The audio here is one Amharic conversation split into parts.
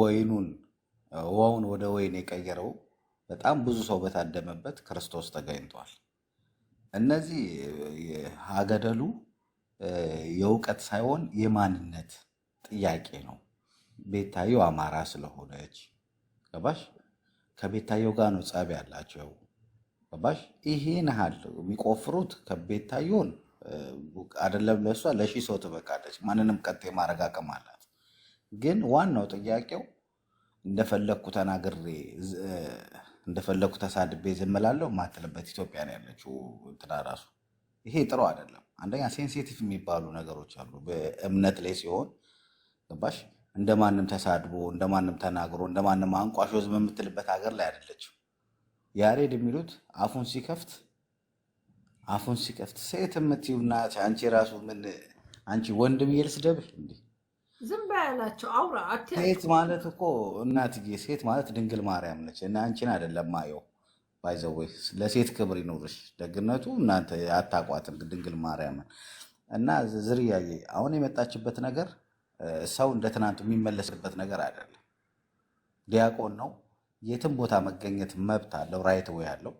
ወይኑን ውሃውን ወደ ወይን የቀየረው በጣም ብዙ ሰው በታደመበት ክርስቶስ ተገኝቷል። እነዚህ አገደሉ የእውቀት ሳይሆን የማንነት ጥያቄ ነው። ቤታየው አማራ ስለሆነች ገባሽ? ከቤታየው ጋር ነው ጸብ ያላቸው ገባሽ? ይሄን ያህል የሚቆፍሩት ከቤታየውን አይደለም ለእሷ ለሺ ሰው ትበቃለች። ማንንም ቀጥ የማረግ አቅም አላት። ግን ዋናው ጥያቄው እንደፈለግኩ ተናግሬ እንደፈለግኩ ተሳድቤ ዝም እላለሁ ማትልበት ኢትዮጵያ ነው ያለችው። እንትና ራሱ ይሄ ጥሩ አይደለም። አንደኛ ሴንሲቲቭ የሚባሉ ነገሮች አሉ በእምነት ላይ ሲሆን ገባሽ። እንደማንም ተሳድቦ እንደማንም ተናግሮ እንደማንም አንቋሾ ዝም የምትልበት ሀገር ላይ አይደለችም። ያሬድ የሚሉት አፉን ሲከፍት አፉን ሲከፍት ሴት የምትዩና አንቺ ራሱ ምን አንቺ ወንድም እየልስደብህ እንዲህ ዝም በያላቸው አውራ ሴት ማለት እኮ እናትዬ፣ ሴት ማለት ድንግል ማርያም ነች። እና አንቺን አይደለም ማየው ባይዘዌ ለሴት ክብር ይኖርሽ። ደግነቱ እናንተ አታቋትም ድንግል ማርያምን እና ዝርያዬ፣ አሁን የመጣችበት ነገር ሰው እንደ ትናንቱ የሚመለስበት ነገር አይደለም። ዲያቆን ነው። የትም ቦታ መገኘት መብት አለው፣ ራይት ወይ አለው።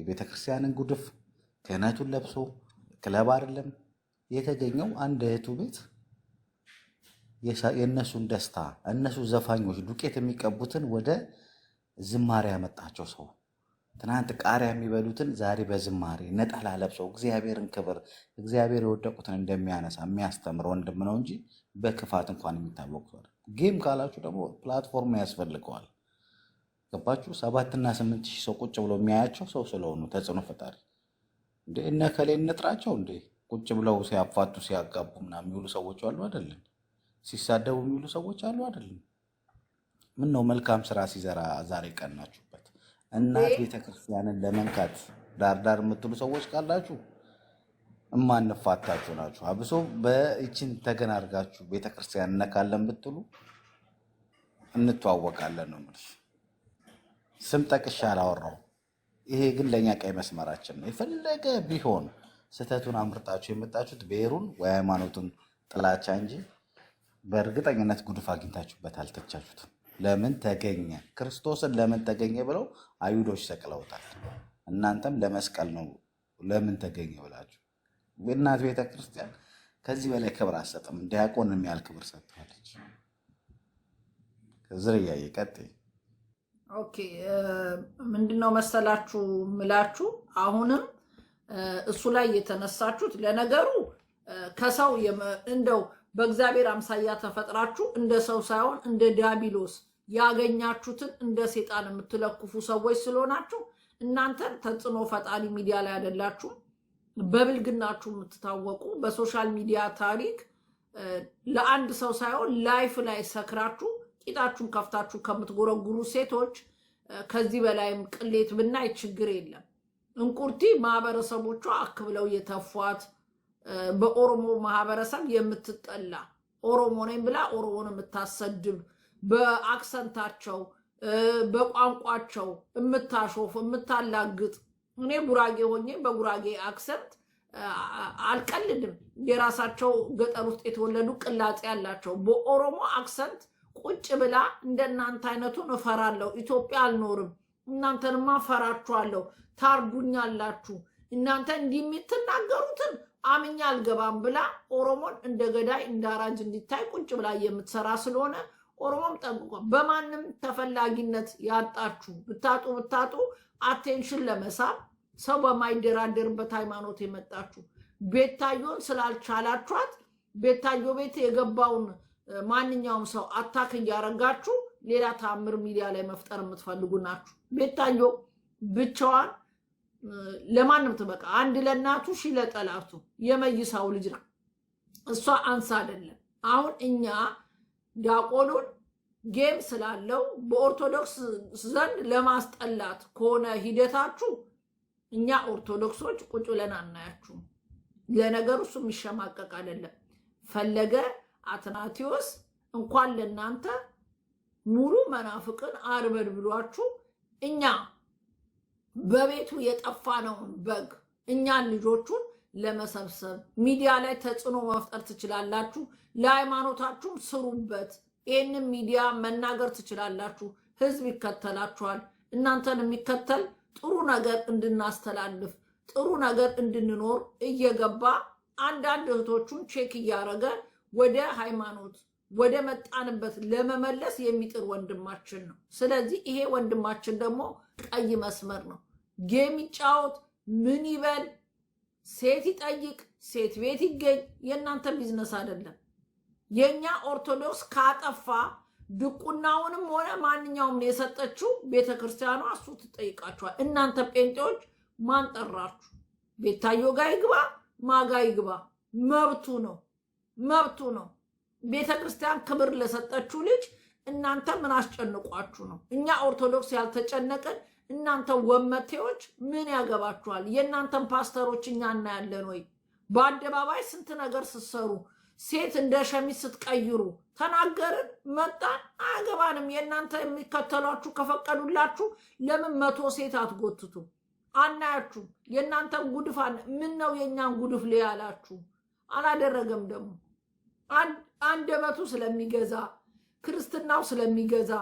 የቤተክርስቲያንን ጉድፍ ክህነቱን ለብሶ ክለብ አይደለም የተገኘው አንድ እህቱ ቤት የእነሱን ደስታ እነሱ ዘፋኞች ዱቄት የሚቀቡትን ወደ ዝማሬ ያመጣቸው ሰው ትናንት ቃሪያ የሚበሉትን ዛሬ በዝማሬ ነጠላ ለብሰው እግዚአብሔርን ክብር እግዚአብሔር የወደቁትን እንደሚያነሳ የሚያስተምር ወንድም ነው እንጂ በክፋት እንኳን የሚታወቅ ጌም ካላችሁ ደግሞ ፕላትፎርም ያስፈልገዋል። ገባችሁ? ሰባትና ስምንት ሺህ ሰው ቁጭ ብሎ የሚያያቸው ሰው ስለሆኑ ተጽዕኖ ፈጣሪ እንደ እነ ከሌ እንጥራቸው እንዴ ቁጭ ብለው ሲያፋቱ ሲያጋቡ ምናምን የሚውሉ ሰዎች አሉ አይደለም? ሲሳደቡ የሚሉ ሰዎች አሉ አይደለም? ምን ነው መልካም ስራ ሲዘራ ዛሬ ቀናችሁበት። እናት ቤተክርስቲያንን ለመንካት ዳርዳር የምትሉ ሰዎች ካላችሁ እማንፋታችሁ ናችሁ። አብሶ በእችን ተገናርጋችሁ ቤተክርስቲያን እነካለን ብትሉ እንተዋወቃለን ነው የምልሽ። ስም ጠቅሻ አላወራው። ይሄ ግን ለእኛ ቀይ መስመራችን ነው። የፈለገ ቢሆን ስህተቱን አምርጣችሁ የመጣችሁት ብሔሩን ወይ ሃይማኖቱን ጥላቻ እንጂ በእርግጠኝነት ጉድፍ አግኝታችሁበት አልተቻችሁትም። ለምን ተገኘ ክርስቶስን ለምን ተገኘ ብለው አይሁዶች ሰቅለውታል። እናንተም ለመስቀል ነው ለምን ተገኘ ብላችሁ እናት ቤተ ክርስቲያን ከዚህ በላይ ክብር አሰጥም ዲያቆን የሚያል ክብር ሰጥተዋለች። ዝርያ ቀጥይ። ኦኬ ምንድነው መሰላችሁ ምላችሁ አሁንም እሱ ላይ የተነሳችሁት ለነገሩ ከሰው እንደው በእግዚአብሔር አምሳያ ተፈጥራችሁ እንደ ሰው ሳይሆን እንደ ዲያብሎስ ያገኛችሁትን እንደ ሴጣን የምትለኩፉ ሰዎች ስለሆናችሁ እናንተን ተጽዕኖ ፈጣሪ ሚዲያ ላይ አይደላችሁ በብልግናችሁ የምትታወቁ በሶሻል ሚዲያ ታሪክ ለአንድ ሰው ሳይሆን ላይፍ ላይ ሰክራችሁ ቂጣችሁን ከፍታችሁ ከምትጎረጉሩ ሴቶች ከዚህ በላይም ቅሌት ብናይ ችግር የለም። እንቁርቲ ማህበረሰቦቿ አክብለው የተፏት በኦሮሞ ማህበረሰብ የምትጠላ ኦሮሞ ነኝ ብላ ኦሮሞን የምታሰድብ በአክሰንታቸው በቋንቋቸው የምታሾፍ የምታላግጥ። እኔ ጉራጌ ሆኜ በጉራጌ አክሰንት አልቀልድም። የራሳቸው ገጠር ውስጥ የተወለዱ ቅላጤ ያላቸው በኦሮሞ አክሰንት ቁጭ ብላ እንደናንተ አይነቱን እፈራለሁ፣ ኢትዮጵያ አልኖርም፣ እናንተንማ ፈራችኋለሁ፣ ታርዱኛላችሁ፣ እናንተ እንዲህ የምትናገሩትን አምኛ አልገባም ብላ ኦሮሞን እንደ ገዳይ እንደ አራጅ እንዲታይ ቁጭ ብላ የምትሰራ ስለሆነ ኦሮሞም ጠንቅቆ በማንም ተፈላጊነት ያጣችሁ ብታጡ ብታጡ አቴንሽን ለመሳብ ሰው በማይደራደርበት ሃይማኖት የመጣችሁ ቤታዮን ስላልቻላችኋት ቤታዮ ቤት የገባውን ማንኛውም ሰው አታክ እያረጋችሁ ሌላ ተአምር ሚዲያ ላይ መፍጠር የምትፈልጉ ናችሁ። ቤታዮ ብቻዋን ለማንም ትበቃ። አንድ ለእናቱ ሺ ለጠላቱ የመይሳው ልጅ ነው። እሷ አንስ አይደለም። አሁን እኛ ዲያቆኑን ጌም ስላለው በኦርቶዶክስ ዘንድ ለማስጠላት ከሆነ ሂደታችሁ እኛ ኦርቶዶክሶች ቁጭ ብለን አናያችሁም። ለነገሩ እሱ የሚሸማቀቅ አይደለም። ፈለገ አትናቴዎስ እንኳን ለእናንተ ሙሉ መናፍቅን አርበድ ብሏችሁ እኛ በቤቱ የጠፋነውን በግ እኛን ልጆቹን ለመሰብሰብ ሚዲያ ላይ ተጽዕኖ መፍጠር ትችላላችሁ። ለሃይማኖታችሁም ስሩበት። ይህንም ሚዲያ መናገር ትችላላችሁ። ህዝብ ይከተላችኋል። እናንተን የሚከተል ጥሩ ነገር እንድናስተላልፍ ጥሩ ነገር እንድንኖር እየገባ አንዳንድ እህቶቹን ቼክ እያደረገ ወደ ሃይማኖት ወደ መጣንበት ለመመለስ የሚጥር ወንድማችን ነው። ስለዚህ ይሄ ወንድማችን ደግሞ ቀይ መስመር ነው። ጌም ይጫወት፣ ምን ይበል፣ ሴት ይጠይቅ፣ ሴት ቤት ይገኝ የእናንተ ቢዝነስ አይደለም። የእኛ ኦርቶዶክስ ካጠፋ ድቁናውንም ሆነ ማንኛውም የሰጠችው ቤተ ክርስቲያኗ እሱ ትጠይቃችኋል። እናንተ ጴንጤዎች ማን ጠራችሁ? ቤታዮ ጋ ይግባ ማጋ ይግባ መብቱ ነው፣ መብቱ ነው። ቤተ ክርስቲያን ክብር ለሰጠችው ልጅ እናንተ ምን አስጨንቋችሁ ነው? እኛ ኦርቶዶክስ ያልተጨነቅን እናንተ ወመቴዎች ምን ያገባችኋል? የእናንተን ፓስተሮች እኛ እናያለን ወይ? በአደባባይ ስንት ነገር ስትሰሩ፣ ሴት እንደ ሸሚዝ ስትቀይሩ፣ ተናገርን፣ መጣን፣ አያገባንም። የእናንተ የሚከተሏችሁ ከፈቀዱላችሁ ለምን መቶ ሴት አትጎትቱ? አናያችሁ። የእናንተን ጉድፍ ምን ነው የእኛን ጉድፍ ሊያላችሁ አላደረገም። ደግሞ አንደበቱ ስለሚገዛ ክርስትናው ስለሚገዛ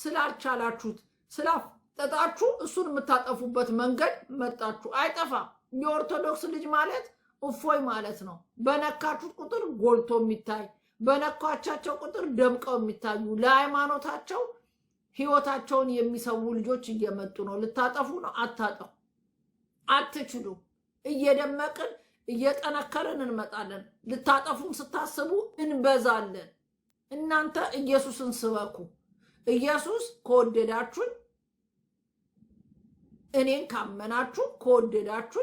ስላልቻላችሁት ስላፍ ጠጣችሁ እሱን የምታጠፉበት መንገድ መጣችሁ። አይጠፋም። የኦርቶዶክስ ልጅ ማለት እፎይ ማለት ነው። በነካችሁት ቁጥር ጎልቶ የሚታይ በነካቻቸው ቁጥር ደምቀው የሚታዩ ለሃይማኖታቸው ህይወታቸውን የሚሰዉ ልጆች እየመጡ ነው። ልታጠፉ ነው። አታጠፉ፣ አትችሉ። እየደመቅን እየጠነከርን እንመጣለን። ልታጠፉን ስታስቡ እንበዛለን። እናንተ ኢየሱስን ስበኩ። ኢየሱስ ከወደዳችሁን እኔን ካመናችሁ ከወደዳችሁ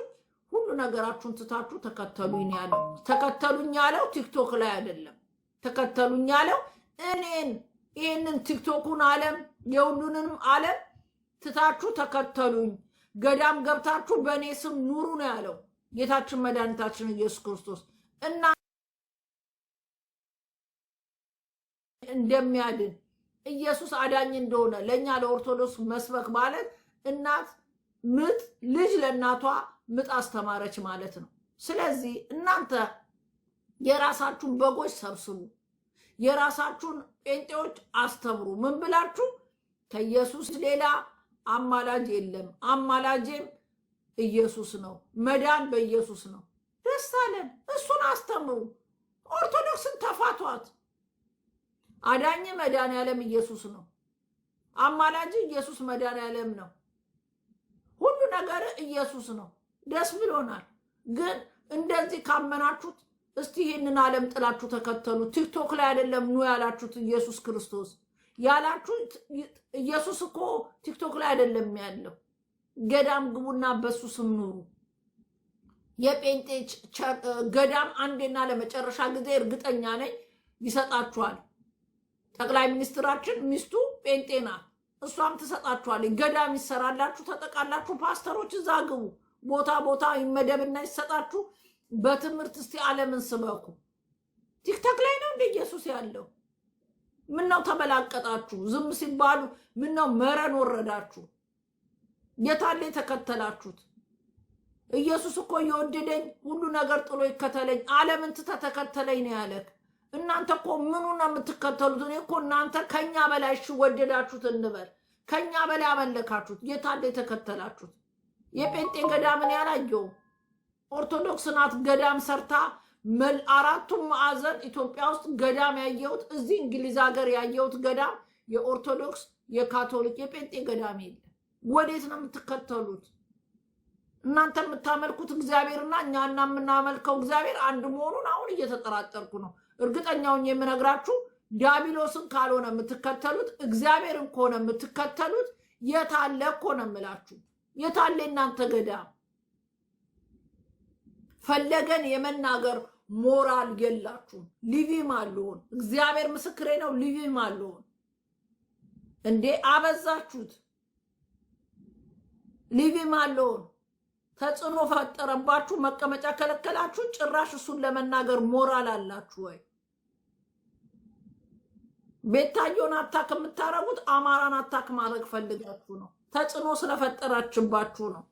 ሁሉ ነገራችሁን ትታችሁ ተከተሉኝ ያለው ተከተሉኝ ያለው ቲክቶክ ላይ አይደለም። ተከተሉኝ ያለው እኔን ይህንን ቲክቶኩን ዓለም የሁሉንም ዓለም ትታችሁ ተከተሉኝ፣ ገዳም ገብታችሁ በእኔ ስም ኑሩ ነው ያለው ጌታችን መድኃኒታችን ኢየሱስ ክርስቶስ እና እንደሚያድን ኢየሱስ አዳኝ እንደሆነ ለእኛ ለኦርቶዶክስ መስበክ ማለት እናት ምጥ ልጅ ለእናቷ ምጥ አስተማረች ማለት ነው። ስለዚህ እናንተ የራሳችሁን በጎች ሰብስቡ፣ የራሳችሁን ጴንጤዎች አስተምሩ። ምን ብላችሁ? ከኢየሱስ ሌላ አማላጅ የለም፣ አማላጄም ኢየሱስ ነው። መዳን በኢየሱስ ነው። ደስ አለን። እሱን አስተምሩ። ኦርቶዶክስን ተፋቷት። አዳኝ መድኃኔዓለም ኢየሱስ ነው። አማላጅ ኢየሱስ መድኃኔዓለም ነው። ነገር ኢየሱስ ነው። ደስ ብሎናል። ግን እንደዚህ ካመናችሁት እስቲ ይህንን ዓለም ጥላችሁ ተከተሉ። ቲክቶክ ላይ አይደለም ኑ ያላችሁት ኢየሱስ ክርስቶስ ያላችሁት ኢየሱስ እኮ ቲክቶክ ላይ አይደለም ያለው። ገዳም ግቡና በሱ ስም ኑሩ። የጴንጤ ገዳም አንዴና ለመጨረሻ ጊዜ እርግጠኛ ነኝ ይሰጣችኋል። ጠቅላይ ሚኒስትራችን ሚስቱ ጴንጤ ናት። እሷም ትሰጣችኋለች። ገዳም ይሰራላችሁ፣ ተጠቃላችሁ፣ ፓስተሮች እዛ ግቡ። ቦታ ቦታ ይመደብና ይሰጣችሁ። በትምህርት እስቲ ዓለምን ስበኩ። ቲክታክ ላይ ነው እንደ ኢየሱስ ያለው። ነው ተመላቀጣችሁ? ዝም ሲባሉ ነው መረን ወረዳችሁ? የታለ የተከተላችሁት? ኢየሱስ እኮ የወደደኝ ሁሉ ነገር ጥሎ ይከተለኝ፣ ዓለምን ትተህ ተከተለኝ ነው ያለህ። እናንተ እኮ ምኑን ነው የምትከተሉት? እኔ እኮ እናንተ ከኛ በላይ እሺ ወደዳችሁት እንበል፣ ከኛ በላይ አመለካችሁት። የታለ የተከተላችሁት? የጴንጤ ገዳምን ያላየው ኦርቶዶክስ ናት ገዳም ሰርታ አራቱም ማዕዘን ኢትዮጵያ ውስጥ ገዳም ያየሁት፣ እዚህ እንግሊዝ ሀገር ያየሁት ገዳም የኦርቶዶክስ የካቶሊክ የጴንጤ ገዳም የለም። ወዴት ነው የምትከተሉት? እናንተ የምታመልኩት እግዚአብሔርና እኛና የምናመልከው እግዚአብሔር አንድ መሆኑን አሁን እየተጠራጠርኩ ነው። እርግጠኛውን የምነግራችሁ ዲያብሎስን ካልሆነ የምትከተሉት እግዚአብሔርን ከሆነ የምትከተሉት የታለ እኮ ነው የምላችሁ። የታለ እናንተ ገዳ ፈለገን የመናገር ሞራል የላችሁም። ሊቪም አለሆን እግዚአብሔር ምስክሬ ነው። ሊቪም አለሆን እንዴ አበዛችሁት። ሊቪም አለሆን ተጽዕኖ ፈጠረባችሁ፣ መቀመጫ ከለከላችሁ። ጭራሽ እሱን ለመናገር ሞራል አላችሁ ወይ? ቤታየውን አታክ የምታረጉት አማራን አታክ ማድረግ ፈልጋችሁ ነው። ተጽዕኖ ስለፈጠራችባችሁ ነው።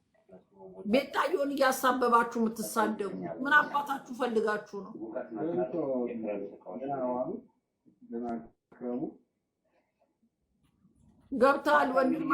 ቤታየውን እያሳበባችሁ የምትሳደቡ ምን አባታችሁ ፈልጋችሁ ነው? ገብተሃል ወንድማ